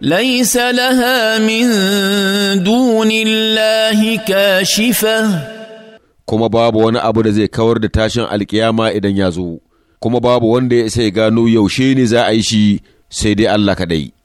ليس لها من دون kuma babu wani abu da zai kawar da tashin alkiyama idan ya zo kuma babu wanda ya isa ya gano yaushe ne za a yi shi sai dai Allah kaɗai.